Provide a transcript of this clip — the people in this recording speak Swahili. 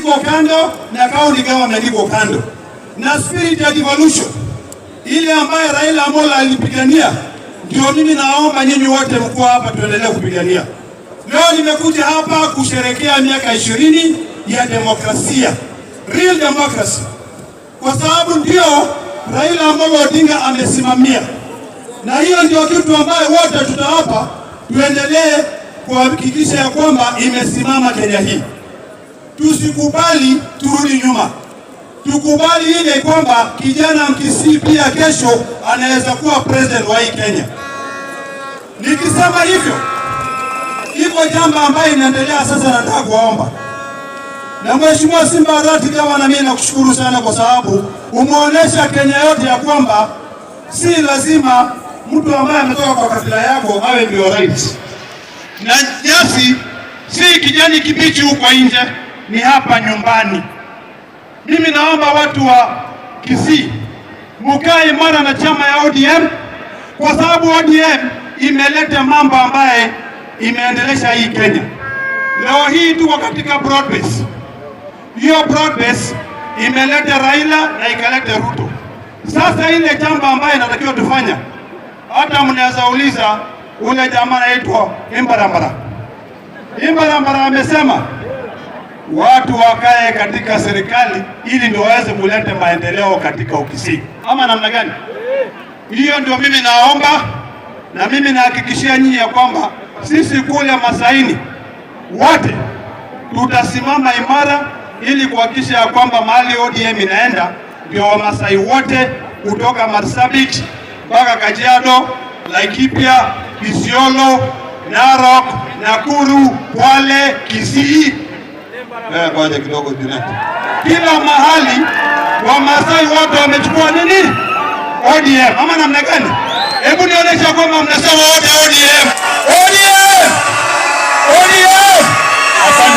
ziko kando na county kama iko kando, na spirit ya devolution ile ambayo Raila Amolo alipigania, ndio mimi naomba nyinyi wote mko hapa tuendelee kupigania. Leo nimekuja hapa kusherekea miaka ishirini ya demokrasia, real democracy, kwa sababu ndio Raila Amolo Odinga amesimamia, na hiyo ndio kitu ambayo wote tutawapa, tuendelee kuhakikisha ya kwamba imesimama Kenya hii. Tusikubali turudi nyuma, tukubali ile kwamba kijana Mkisii pia kesho anaweza kuwa president wa hii Kenya. Nikisema hivyo, iko jambo ambayo inaendelea sasa, nataka kuwaomba na Mheshimiwa Simba Arati, kama na mimi nakushukuru sana kwa sababu umeonyesha Kenya yote ya kwamba si lazima mtu ambaye ametoka kwa kabila yako awe ndio rais, na nyasi si kijani kibichi huko nje ni hapa nyumbani. Mimi naomba watu wa Kisii mukae imara na chama ya ODM kwa sababu ODM imeleta mambo ambaye imeendelesha hii Kenya. Leo hii tuko katika broadbase. Hiyo broadbase imeleta Raila na ikaleta Ruto. Sasa ile jambo ambaye inatakiwa tufanya, hata mnaweza uliza ule jamaa anaitwa Imbarambara. Imbarambara amesema watu wakae katika serikali ili ndio waweze kuleta maendeleo katika Ukisii, ama namna gani? Hiyo ndio mimi naomba, na mimi nahakikishia nyinyi ya kwamba sisi kule Masaini wote tutasimama imara ili kuhakikisha ya kwamba mahali ODM inaenda ndio Wamasai wote kutoka Marsabit mpaka Kajiado, Laikipia, Isiolo, Narok, Nakuru, Kwale, Kisii Eh, ngoja kidogo direct. Kila mahali Wamasai wote wamechukua nini? ODM ama namna gani? Hebu nionyesha kwamba mnasema wote ODM.